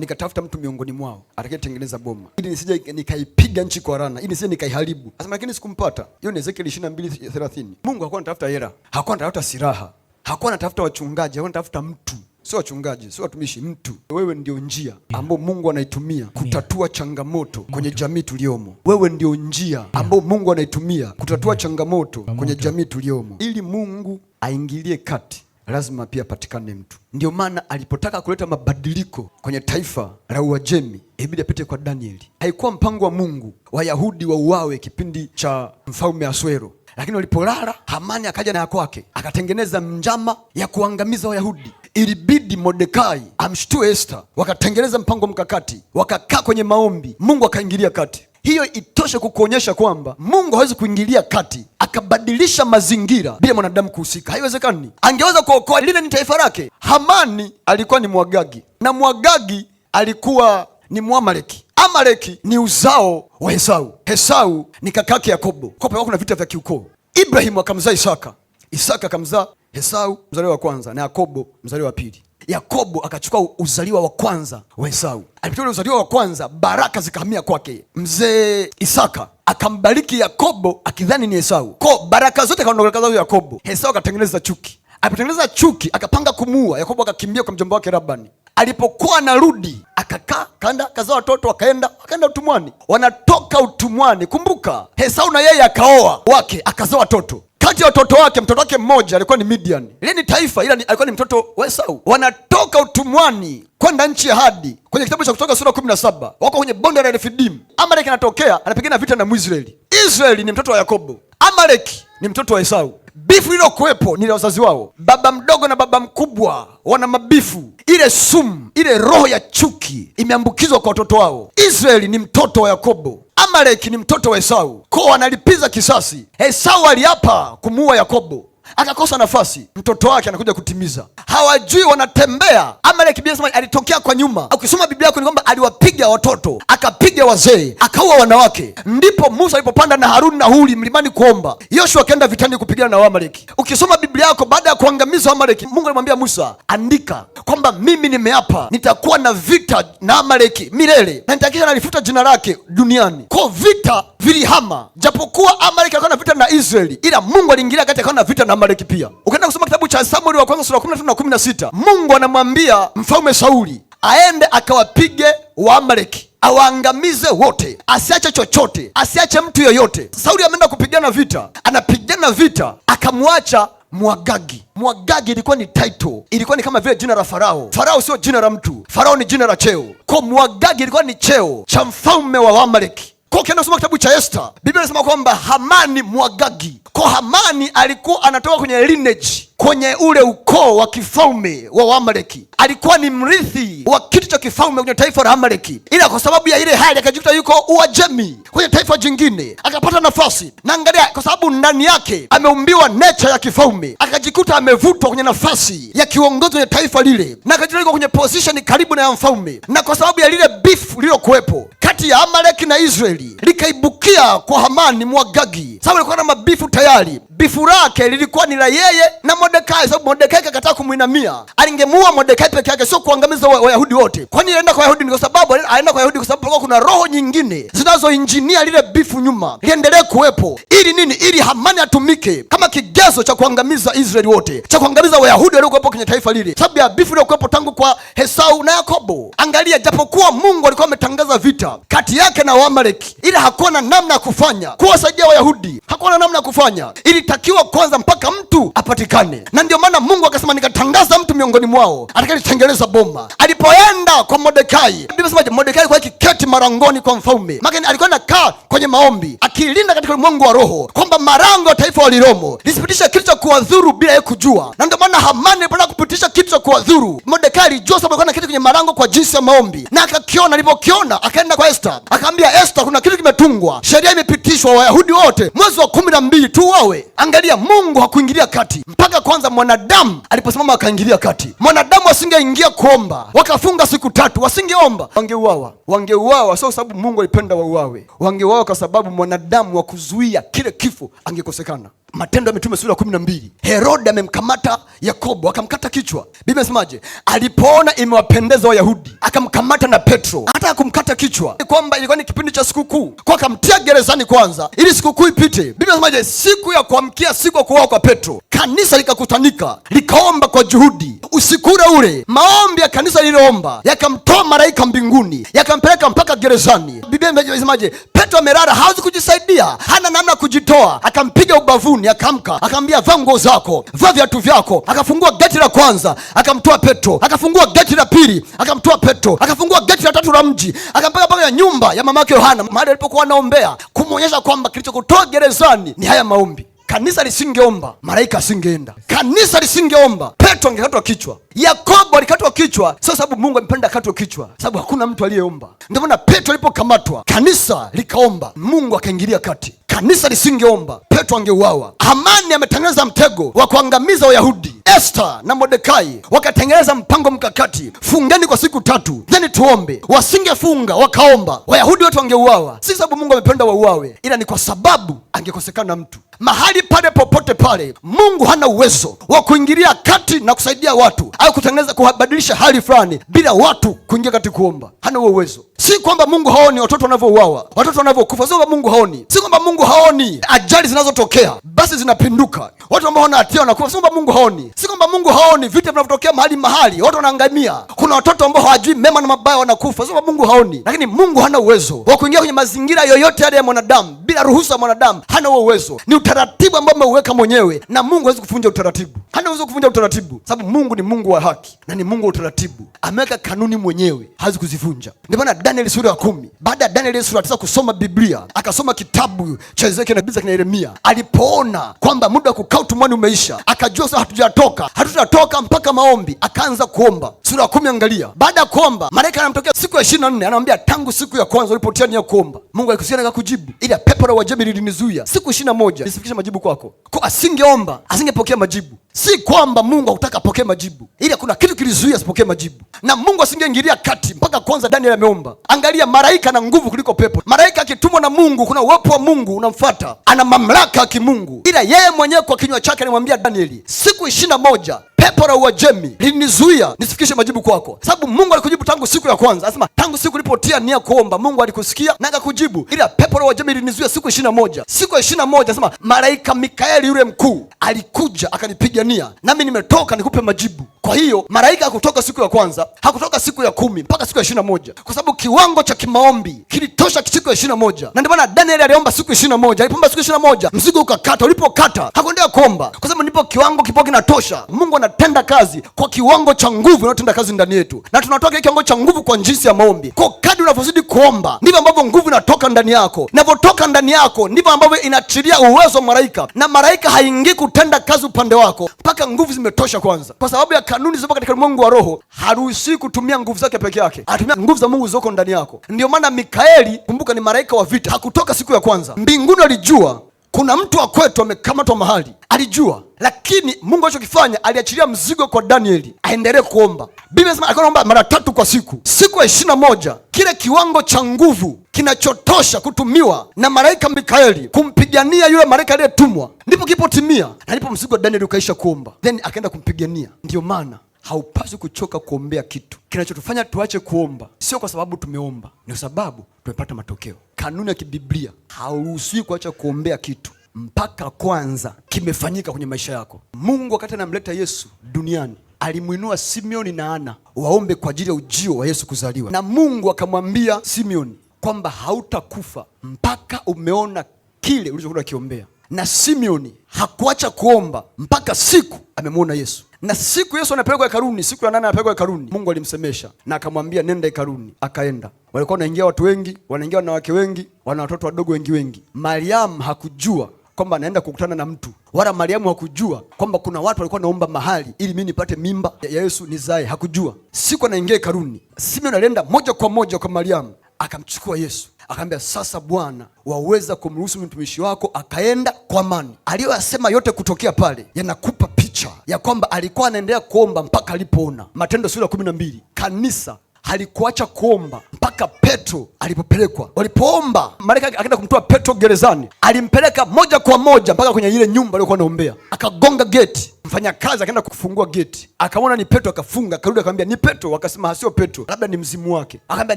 Nikatafuta mtu miongoni mwao atakayetengeneza boma ili nisije nikaipiga nchi kwa rana, ili nisije nikaiharibu. Asema lakini sikumpata. Hiyo ni Ezekiel 22:30. Mungu hakuwa anatafuta hela, hakuwa anatafuta silaha, hakuwa anatafuta wachungaji, hakuwa anatafuta mtu, sio wachungaji, sio watumishi, mtu. Wewe ndio njia ambayo Mungu anaitumia kutatua changamoto kwenye jamii tuliyomo. Wewe ndio njia ambayo Mungu anaitumia kutatua changamoto kwenye jamii tuliyomo, ili Mungu aingilie kati lazima pia patikane mtu. Ndio maana alipotaka kuleta mabadiliko kwenye taifa la Uajemi ibidi apite kwa Danieli. Haikuwa mpango wa Mungu Wayahudi wauawe kipindi cha mfalme Aswero, lakini walipolala Hamani akaja na ya kwake akatengeneza njama ya kuangamiza Wayahudi. Ilibidi Mordekai amshtue Esta, wakatengeneza mpango mkakati, wakakaa kwenye maombi, Mungu akaingilia kati hiyo itoshe kukuonyesha kwamba Mungu hawezi kuingilia kati akabadilisha mazingira bila mwanadamu kuhusika, haiwezekani. Angeweza kuokoa lile, ni taifa lake. Hamani alikuwa ni Mwagagi na Mwagagi alikuwa ni Mwamaleki. Amaleki ni uzao wa Hesau, Hesau ni kakake Yakobo. kopewa kuna vita vya kiukoo. Ibrahimu akamzaa Isaka, Isaka akamzaa Hesau mzaliwa wa kwanza na Yakobo mzaliwa wa pili. Yakobo akachukua uzaliwa wa kwanza wa Esau. Alipotoa uzaliwa wa kwanza, baraka zikahamia kwake. Mzee Isaka akambariki Yakobo akidhani ni Esau, ko baraka zote akaondoka zao Yakobo. Esau akatengeneza chuki, alipotengeneza chuki akapanga kumuua Yakobo, akakimbia kwa mjomba wake Labani. Alipokuwa anarudi akakaa kanda kazaa watoto, wakaenda wakaenda utumwani. Wanatoka utumwani, kumbuka Esau na yeye akaoa wake akazaa watoto kati ya watoto wake, mtoto wake mmoja alikuwa ni Midian. Lile ni taifa, ila alikuwa ni mtoto wa Esau. Wanatoka utumwani kwenda nchi ya hadi. Kwenye kitabu cha Kutoka sura kumi na saba wako kwenye bonde la Refidim. Amaleki anatokea anapigana vita na Mwisraeli. Israeli ni mtoto wa Yakobo, Amaleki ni mtoto wa Esau. Bifu iliyokuwepo ni la wazazi wao, baba mdogo na baba mkubwa wana mabifu. Ile sumu, ile roho ya chuki imeambukizwa kwa watoto wao. Israeli ni mtoto wa Yakobo, Amaleki ni mtoto wa Esau, ko analipiza kisasi. Esau aliapa kumuua Yakobo akakosa nafasi, mtoto wake anakuja kutimiza. Hawajui wanatembea. Amaleki Biblia inasema alitokea kwa nyuma. Ukisoma Biblia yako ni kwamba aliwapiga watoto, akapiga wazee, akaua wanawake. Ndipo Musa alipopanda na Haruni na Huri mlimani kuomba, Yoshua akaenda vitani kupigana na Waamaleki. Ukisoma Biblia yako, baada ya kuangamiza Waamaleki, Mungu alimwambia Musa, andika kwamba mimi nimeapa nitakuwa na vita na Amaleki milele na nitahakikisha nalifuta jina lake duniani. Kwa vita vilihama, japokuwa Amaleki alikuwa na vita na Israeli, ila Mungu aliingilia kati, akawa na vita na Amaleki pia. Ukaenda kusoma kitabu cha Samueli wa kwanza sura 13 na Mungu anamwambia mfalme Sauli aende akawapige Waamaleki awaangamize wote, asiache chochote, asiache mtu yoyote. Sauli ameenda kupigana vita, anapigana vita akamwacha Mwagagi. Mwagagi ilikuwa ni title, ilikuwa ni kama vile jina la Farao. Farao sio jina la mtu, Farao ni jina la cheo. Kwa Mwagagi ilikuwa ni cheo cha mfalme wa Waamaleki. Kwa ukienda kusoma kitabu cha Esta, Biblia inasema kwamba Hamani Mwagagi, kwa Hamani alikuwa anatoka kwenye lineage kwenye ule ukoo wa kifalme wa Amaleki. Alikuwa ni mrithi wa kitu cha kifalme kwenye taifa la Amaleki, ila kwa sababu ya ile hali akajikuta yuko Uajemi kwenye taifa jingine, akapata nafasi na angalia, kwa sababu ndani yake ameumbiwa necha ya kifalme, akajikuta amevutwa kwenye nafasi ya kiongozi kwenye taifa lile, na akajikuta yuko kwenye position karibu na ya mfalme, na kwa sababu ya lile beef lililokuwepo kati ya Amaleki na Israeli likaibukia kwa Hamani Mwagagi, sababu alikuwa na mabifu tayari bifu lake lilikuwa ni la yeye na Mordekai, sababu Mordekai akakataa kumwinamia. Alingemuua Mordekai peke yake, sio kuangamiza Wayahudi wote. nini alienda kwa Wayahudi ni kwa sababu alienda kwa Wayahudi kwa sababu palikuwa kuna roho nyingine zinazoinjinia lile bifu nyuma liendelee kuwepo, ili nini? Ili Hamani atumike kama kigezo cha kuangamiza Israeli wote, cha kuangamiza Wayahudi waliokuwepo kwenye taifa lile, sababu ya bifu iliyokuwepo tangu kwa hesau na Yakobo. Angalia, japokuwa Mungu alikuwa ametangaza vita kati yake na Waamaleki, ila hakuwa na namna ya kufanya kuwasaidia Wayahudi, hakuwa na namna ya kufanya ili ilitakiwa kwanza mpaka mtu apatikane, na ndio maana Mungu akasema nikatangaza mtu miongoni mwao atakayetengeneza boma. Alipoenda kwa Mordekai, Biblia inasemaje? Mordekai kwa kiketi marangoni kwa mfalme, maana alikuwa anakaa kwenye maombi, akilinda katika ulimwengu wa roho kwamba marango ya taifa waliromo lisipitisha kitu cha kuwadhuru bila yeye kujua, na ndio maana Hamani alipotaka kupitisha kitu cha kuwadhuru, Mordekai alijua sababu alikuwa anaketi kwenye marango kwa jinsi ya maombi, na akakiona. Alipokiona akaenda kwa Esta akaambia Esta, kuna kitu kimetungwa, sheria imepitishwa, Wayahudi wote mwezi wa kumi na mbili tu wawe Angalia, Mungu hakuingilia kati mpaka kwanza mwanadamu aliposimama akaingilia kati. Mwanadamu asingeingia kuomba, wakafunga siku tatu, wasingeomba, wangeuawa. Wangeuawa sio sababu Mungu alipenda wauawe, wangeuawa kwa sababu mwanadamu wa kuzuia kile kifo angekosekana. Matendo ya Mitume sura ya kumi na mbili. Herode amemkamata Yakobo akamkata kichwa. Biblia inasemaje? Alipoona imewapendeza Wayahudi akamkamata na Petro, hata akumkata kichwa kwamba ilikuwa ni kipindi cha sikukuu, kwa akamtia gerezani kwanza ili sikukuu ipite. Biblia inasemaje? Siku ya kuamkia siku ya kuuawa kwa Petro, kanisa likakutanika likaomba kwa juhudi. Usiku ule ule maombi ya kanisa liliomba yakamtoa malaika mbinguni yakampeleka mpaka gerezani. Biblia inasemaje? Petro amelala hawezi kujisaidia, hana namna ya kujitoa, akampiga ubavuni mbinguni, akamka akamwambia, vaa nguo zako, vaa viatu vyako. Akafungua geti la kwanza akamtoa Petro, akafungua geti la pili akamtoa Petro, akafungua geti la tatu la mji, akampaka mpaka ya nyumba ya yake Yohana, mahali alipokuwa anaombea, kumwonyesha kwamba kilichokutoa gerezani ni haya maombi. Kanisa lisingeomba malaika asingeenda. Kanisa lisingeomba Petro angekatwa kichwa, Yakobo alikatwa kichwa. Sio sababu Mungu amependa akatwe kichwa, sababu hakuna mtu aliyeomba. Ndio maana Petro alipokamatwa kanisa likaomba, Mungu akaingilia kati kanisa lisingeomba, Petro angeuawa. Hamani ametengeneza mtego wa kuangamiza Wayahudi. Esta na Mordekai wakatengeneza mpango mkakati, fungeni kwa siku tatu theni tuombe. Wasingefunga wakaomba, Wayahudi wote wangeuawa. Si sababu Mungu amependa wauawe, ila ni kwa sababu angekosekana mtu. Mahali pale popote pale, Mungu hana uwezo wa kuingilia kati na kusaidia watu au kutengeneza, kubadilisha hali fulani bila watu kuingia kati kuomba. Hana huo uwezo. Si kwamba Mungu haoni watoto wanavyouawa, watoto wanavyokufa, sio kwamba Mungu haoni, si kwamba Mungu haoni ajali zinazotokea, basi zinapinduka, watu ambao wana hatia wanakufa, si kwamba Mungu haoni, si kwamba Mungu haoni vita vinavyotokea mahali mahali, watu wanaangamia, kuna watoto ambao hawajui mema na mabaya wanakufa, sio kwamba Mungu haoni. Lakini Mungu hana uwezo wa kuingia kwenye mazingira yoyote yale ya mwanadamu bila ruhusa ya mwanadamu, hana huo uwezo ni utaratibu ambao umeuweka mwenyewe, na Mungu hawezi kuvunja utaratibu, hana uwezo kuvunja utaratibu, sababu Mungu ni Mungu wa haki na ni Mungu wa utaratibu. Ameweka kanuni mwenyewe, hawezi kuzivunja. Ndio maana Danieli sura ya kumi, baada ya Danieli sura ya tisa kusoma Biblia, akasoma kitabu cha Ezekieli na Biblia ya Yeremia, alipoona kwamba muda wa kukaa utumwani umeisha, akajua sasa hatujatoka, hatutatoka mpaka maombi, akaanza kuomba. Sura ya kumi, angalia, baada ya kuomba malaika anamtokea siku ya ishirini na nne, anamwambia tangu siku ya kwanza ulipotia nia kuomba, Mungu alikusikia na kukujibu, ila pepo la Uajemi lilinizuia siku ishirini na moja nisifikishe majibu kwako. Kwa asingeomba asingepokea majibu. Si kwamba Mungu hakutaka apokee majibu, ili kuna kitu kilizuia asipokee majibu, na Mungu asingeingilia kati mpaka kwanza daniel ameomba. Angalia, malaika na nguvu kuliko pepo. Malaika akitumwa na Mungu, kuna uwepo wa Mungu unamfata ana mamlaka ya kimungu, ila yeye mwenyewe kwa kinywa chake anamwambia Danieli, siku ishirini na moja pepo la Uajemi linizuia nisifikishe majibu kwako, sababu Mungu alikujibu tangu siku ya kwanza. Anasema tangu siku ulipotia nia kuomba, Mungu alikusikia na akakujibu, ila pepo la Uajemi linizuia siku ishirini na moja. Siku ya ishirini na moja anasema malaika Mikaeli yule mkuu alikuja akanipiga nia, nami nimetoka nikupe majibu. Kwa hiyo malaika hakutoka siku ya kwanza, hakutoka siku ya kumi mpaka siku ya ishirini na moja kwa sababu kiwango cha kimaombi kilitosha siku ya ishirini na moja na ndio maana Danieli aliomba siku ishirini na moja alipoomba siku ishirini na moja mzigo ukakata. Ulipokata hakuendea kuomba kwa sababu ndipo kiwango kipo kinatosha. Mungu ana tunatenda kazi kwa kiwango cha nguvu inayotenda kazi ndani yetu, na tunatoa kile kiwango cha nguvu kwa jinsi ya maombi. Kwa kadri unavyozidi kuomba, ndivyo ambavyo nguvu inatoka ndani yako, inavyotoka ndani yako ndivyo ambavyo inaachilia uwezo wa malaika, na malaika haingii kutenda kazi upande wako mpaka nguvu zimetosha kwanza, kwa sababu ya kanuni zilizopo katika ulimwengu wa roho. Haruhusi kutumia nguvu zake peke yake, anatumia nguvu za Mungu zilizoko ndani yako. Ndio maana Mikaeli, kumbuka, ni malaika wa vita, hakutoka siku ya kwanza mbinguni, alijua kuna mtu wa kwetu amekamatwa mahali alijua, lakini Mungu alichokifanya aliachilia mzigo kwa Danieli aendelee kuomba. Biblia inasema alikuwa anaomba mara tatu kwa siku, siku ya ishirini na moja kile kiwango cha nguvu kinachotosha kutumiwa na malaika Mikaeli kumpigania yule malaika aliyetumwa ndipo kipotimia, na ndipo mzigo wa Danieli ukaisha kuomba, then akaenda kumpigania. Ndiyo maana haupaswi kuchoka kuombea kitu. Kinachotufanya tuache kuomba sio kwa sababu tumeomba, ni kwa sababu tumepata matokeo. Kanuni ya kibiblia hauruhusiwi kuacha kuombea kitu mpaka kwanza kimefanyika kwenye maisha yako. Mungu wakati anamleta Yesu duniani alimwinua Simeoni na Ana waombe kwa ajili ya ujio wa Yesu kuzaliwa, na Mungu akamwambia Simeoni kwamba hautakufa mpaka umeona kile ulichokuwa akiombea. Na Simeoni hakuacha kuomba mpaka siku amemwona Yesu. Na siku Yesu anapelekwa hekaluni, siku ya nane anapelekwa hekaluni, Mungu alimsemesha na akamwambia nenda hekaluni. Akaenda, walikuwa wanaingia watu wengi, wanaingia wanawake wengi, wana watoto wadogo wengi wengi. Mariamu hakujua kwamba anaenda kukutana na mtu, wala Mariamu hakujua kwamba kuna watu walikuwa naomba mahali ili mimi nipate mimba ya Yesu nizae. Hakujua. Siku anaingia karuni, Simeoni alienda moja kwa moja kwa Mariamu akamchukua Yesu akaambia, sasa Bwana, waweza kumruhusu mtumishi wako akaenda kwa amani. Aliyoyasema yote kutokea pale yanakupa picha ya kwamba alikuwa anaendelea kuomba mpaka alipoona. Matendo sura ya kumi na mbili, kanisa halikuacha kuomba mpaka Petro alipopelekwa, walipoomba malaika akaenda kumtoa Petro gerezani, alimpeleka moja kwa moja mpaka kwenye ile nyumba aliyokuwa anaombea, akagonga geti. Mfanyakazi akaenda kufungua geti, akamwona ni Petro, akafunga, akarudi, akamwambia ni Petro. Akasema hasio Petro, labda ni mzimu wake. Akamwambia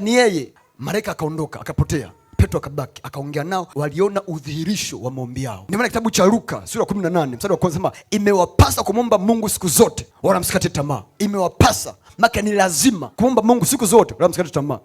ni yeye. Malaika akaondoka, akapotea. Petro akabaki akaongea nao, waliona udhihirisho wa maombi yao. Ndio maana kitabu cha Luka sura kumi na nane mstari wa kwanza sema imewapasa kumwomba Mungu siku zote wala msikate tamaa. Imewapasa maka, ni lazima kumwomba Mungu siku zote wala msikate tamaa.